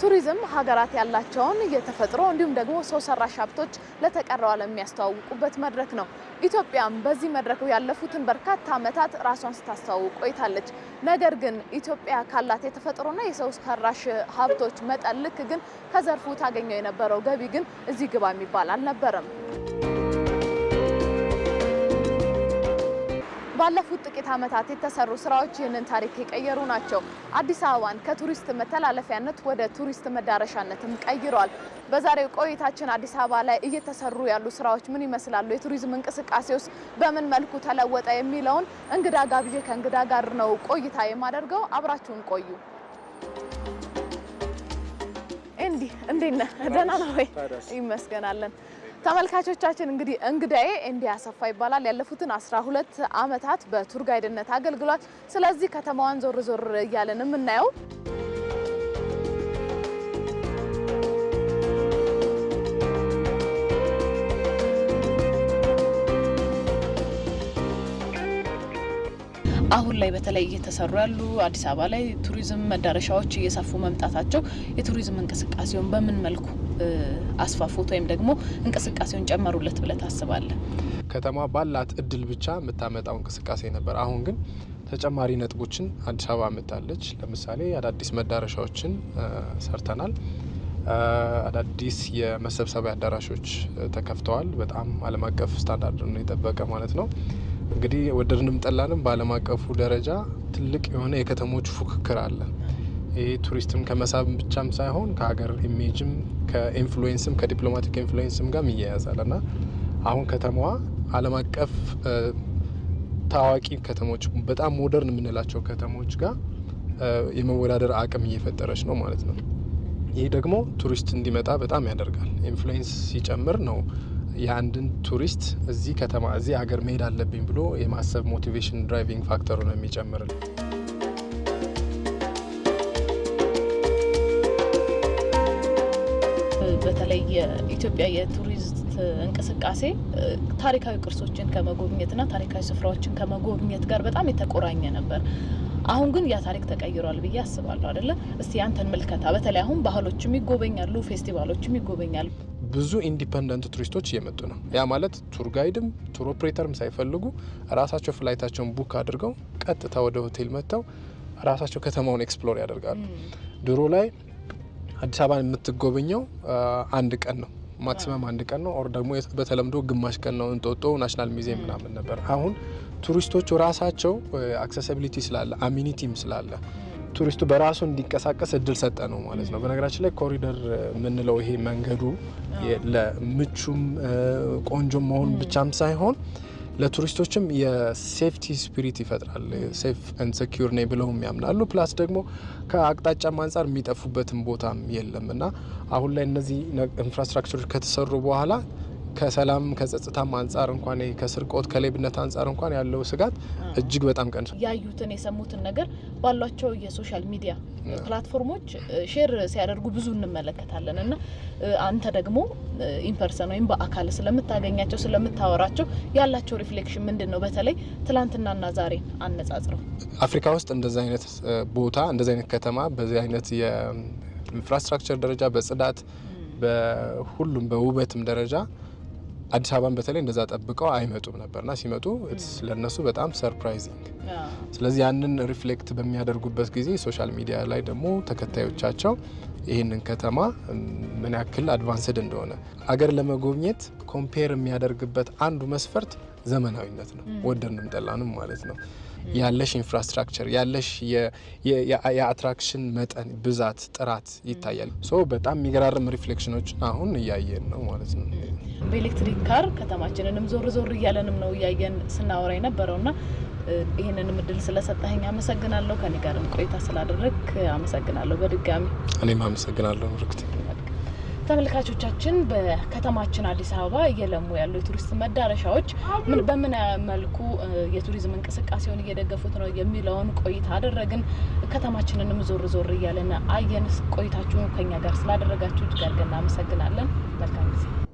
ቱሪዝም ሀገራት ያላቸውን የተፈጥሮ እንዲሁም ደግሞ ሰው ሰራሽ ሀብቶች ለተቀረው ዓለም የሚያስተዋውቁበት መድረክ ነው። ኢትዮጵያም በዚህ መድረክ ያለፉትን በርካታ ዓመታት ራሷን ስታስተዋውቅ ቆይታለች። ነገር ግን ኢትዮጵያ ካላት የተፈጥሮና የሰው ሰራሽ ሀብቶች መጠን ልክ ግን ከዘርፉ ታገኘው የነበረው ገቢ ግን እዚህ ግባ የሚባል አልነበረም። ባለፉት ጥቂት ዓመታት የተሰሩ ስራዎች ይህንን ታሪክ የቀየሩ ናቸው። አዲስ አበባን ከቱሪስት መተላለፊያነት ወደ ቱሪስት መዳረሻነትም ቀይሯል። በዛሬው ቆይታችን አዲስ አበባ ላይ እየተሰሩ ያሉ ስራዎች ምን ይመስላሉ፣ የቱሪዝም እንቅስቃሴ ውስጥ በምን መልኩ ተለወጠ የሚለውን እንግዳ ጋብዤ ከእንግዳ ጋር ነው ቆይታ የማደርገው። አብራችሁን ቆዩ። እንዲህ እንዴት ነህ? ደህና ወይ? ይመስገናለን ተመልካቾቻችን እንግዲህ እንግዳዬ እንዲያ አሰፋ ይባላል። ያለፉትን 12 አመታት በቱር ጋይድነት አገልግሏል። ስለዚህ ከተማዋን ዞር ዞር እያለን የምናየው አሁን ላይ በተለይ እየተሰሩ ያሉ አዲስ አበባ ላይ ቱሪዝም መዳረሻዎች እየሰፉ መምጣታቸው የቱሪዝም እንቅስቃሴውን በምን መልኩ አስፋፉት ወይም ደግሞ እንቅስቃሴውን ጨመሩለት ብለ ታስባለህ? ከተማ ባላት እድል ብቻ የምታመጣው እንቅስቃሴ ነበር። አሁን ግን ተጨማሪ ነጥቦችን አዲስ አበባ መጣለች። ለምሳሌ አዳዲስ መዳረሻዎችን ሰርተናል። አዳዲስ የመሰብሰቢያ አዳራሾች ተከፍተዋል። በጣም ዓለም አቀፍ ስታንዳርድ ነው የጠበቀ ማለት ነው። እንግዲህ ወደድንም ጠላንም በዓለም አቀፉ ደረጃ ትልቅ የሆነ የከተሞች ፉክክር አለ። ይህ ቱሪስትም ከመሳብ ብቻም ሳይሆን ከሀገር ኢሜጅም ከኢንፍሉዌንስም ከዲፕሎማቲክ ኢንፍሉዌንስም ጋር ይያያዛል እና አሁን ከተማዋ ዓለም አቀፍ ታዋቂ ከተሞች በጣም ሞደርን የምንላቸው ከተሞች ጋር የመወዳደር አቅም እየፈጠረች ነው ማለት ነው። ይህ ደግሞ ቱሪስት እንዲመጣ በጣም ያደርጋል። ኢንፍሉዌንስ ሲጨምር ነው የአንድን ቱሪስት እዚህ ከተማ እዚህ ሀገር መሄድ አለብኝ ብሎ የማሰብ ሞቲቬሽን ድራይቪንግ ፋክተሩ ነው የሚጨምርል። በተለይ የኢትዮጵያ የቱሪስት እንቅስቃሴ ታሪካዊ ቅርሶችን ከመጎብኘትና ታሪካዊ ስፍራዎችን ከመጎብኘት ጋር በጣም የተቆራኘ ነበር። አሁን ግን ያ ታሪክ ተቀይሯል ብዬ አስባለሁ። አደለ? እስቲ ያንተን ምልከታ። በተለይ አሁን ባህሎችም ይጎበኛሉ፣ ፌስቲቫሎችም ይጎበኛሉ። ብዙ ኢንዲፐንደንት ቱሪስቶች እየመጡ ነው። ያ ማለት ቱር ጋይድም ቱር ኦፕሬተርም ሳይፈልጉ ራሳቸው ፍላይታቸውን ቡክ አድርገው ቀጥታ ወደ ሆቴል መጥተው ራሳቸው ከተማውን ኤክስፕሎር ያደርጋሉ። ድሮ ላይ አዲስ አበባን የምትጎበኘው አንድ ቀን ነው ማክሲመም አንድ ቀን ነው። ኦር ደግሞ በተለምዶ ግማሽ ቀን ነው። እንጦጦ ናሽናል ሚዚየም ምናምን ነበር። አሁን ቱሪስቶቹ ራሳቸው አክሰሲቢሊቲ ስላለ አሚኒቲም ስላለ ቱሪስቱ በራሱ እንዲንቀሳቀስ እድል ሰጠ ነው ማለት ነው። በነገራችን ላይ ኮሪደር የምንለው ይሄ መንገዱ ለምቹም ቆንጆ መሆን ብቻም ሳይሆን ለቱሪስቶችም የሴፍቲ ስፒሪት ይፈጥራል። ሴፍ ኤንድ ሴኪር ነው ብለውም ያምናሉ። ፕላስ ደግሞ ከአቅጣጫም አንጻር የሚጠፉበትም ቦታም የለም እና አሁን ላይ እነዚህ ኢንፍራስትራክቸሮች ከተሰሩ በኋላ ከሰላም ከጸጥታም አንጻር እንኳን ከስርቆት ከሌብነት አንጻር እንኳን ያለው ስጋት እጅግ በጣም ቀንሶ ያዩትን የሰሙትን ነገር ባሏቸው የሶሻል ሚዲያ ፕላትፎርሞች ሼር ሲያደርጉ ብዙ እንመለከታለን እና አንተ ደግሞ ኢንፐርሰን ወይም በአካል ስለምታገኛቸው ስለምታወራቸው ያላቸው ሪፍሌክሽን ምንድን ነው? በተለይ ትላንትናና ዛሬ አነጻጽረው። አፍሪካ ውስጥ እንደዚህ አይነት ቦታ እንደዚህ አይነት ከተማ በዚህ አይነት የኢንፍራስትራክቸር ደረጃ በጽዳት በሁሉም በውበትም ደረጃ አዲስ አበባን በተለይ እንደዛ ጠብቀው አይመጡም ነበርና ሲመጡ ለነሱ በጣም ሰርፕራይዚንግ። ስለዚህ ያንን ሪፍሌክት በሚያደርጉበት ጊዜ ሶሻል ሚዲያ ላይ ደግሞ ተከታዮቻቸው ይህንን ከተማ ምን ያክል አድቫንስድ እንደሆነ አገር ለመጎብኘት ኮምፔር የሚያደርግበት አንዱ መስፈርት ዘመናዊነት ነው፣ ወደድንም ጠላንም ማለት ነው። ያለሽ ኢንፍራስትራክቸር ያለሽ የአትራክሽን መጠን ብዛት፣ ጥራት ይታያል። ሶ በጣም የሚገራርም ሪፍሌክሽኖች አሁን እያየን ነው ማለት ነው። በኤሌክትሪክ ካር ከተማችንንም ዞር ዞር እያለንም ነው እያየን ስናወራ የነበረው ና ይህንን ምድል ስለሰጠኝ አመሰግናለሁ። ከኔ ጋርም ቆይታ ስላደረግ አመሰግናለሁ በድጋሚ እኔም አመሰግናለሁ ርክት ተመልካቾቻችን በከተማችን አዲስ አበባ እየለሙ ያሉ የቱሪስት መዳረሻዎች በምን መልኩ የቱሪዝም እንቅስቃሴውን እየደገፉት ነው የሚለውን ቆይታ አደረግን። ከተማችንንም ዞር ዞር እያለን አየን። ቆይታችሁን ከኛ ጋር ስላደረጋችሁ እጅግ አድርገን እናመሰግናለን። መልካም ጊዜ